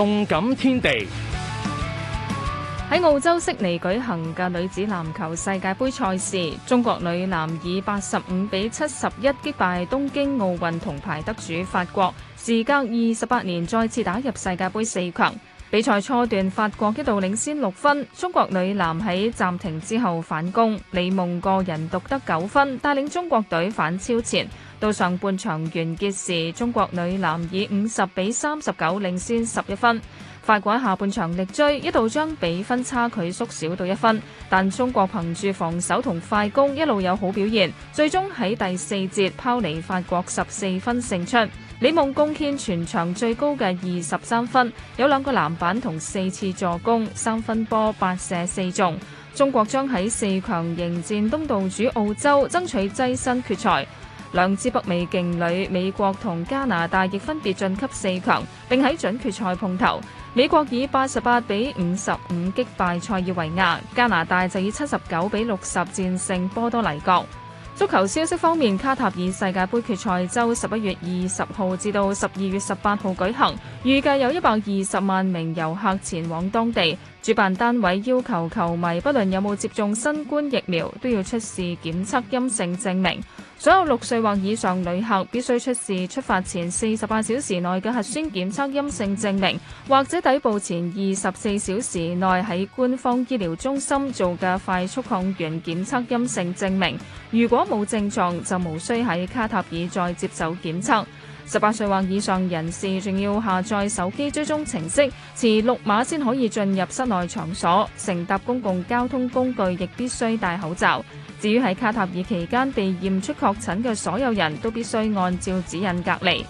動感天地喺澳洲悉尼舉行嘅女子籃球世界杯賽事，中國女籃以八十五比七十一擊敗東京奧運銅牌得主法國，時隔二十八年再次打入世界杯四強。比賽初段，法國一度領先六分。中國女籃喺暫停之後反攻，李夢個人獨得九分，帶領中國隊反超前。到上半場完結時，中國女籃以五十比三十九領先十一分。法國下半場力追，一度將比分差距縮小到一分，但中國憑住防守同快攻，一路有好表現，最終喺第四節拋離法國十四分勝出。李夢貢獻全場最高嘅二十三分，有兩個籃板同四次助攻，三分波八射四中。中國將喺四強迎戰東道主澳洲，爭取躋身決賽。兩支北美勁旅美國同加拿大亦分別晉級四強，並喺準決賽碰頭。美國以八十八比五十五擊敗塞爾維亞，加拿大就以七十九比六十戰勝波多黎各。足球消息方面，卡塔爾世界盃決賽周十一月二十號至到十二月十八號舉行，預計有一百二十萬名遊客前往當地。主辦單位要求球迷，不論有冇接種新冠疫苗都要出示檢測陰性證明，所有6歲或以上旅客必須出示出發前48小時內嘅核酸檢測陰性證明，或者抵埗前24小時內喺官方醫療中心做嘅快速抗原檢測陰性證明，如果冇症狀就無需喺卡塔爾再接受檢測。十八歲或以上人士仲要下載手機追蹤程式，持綠碼先可以進入室內場所。乘搭公共交通工具亦必須戴口罩。至於喺卡塔爾期間被驗出確診嘅所有人都必須按照指引隔離。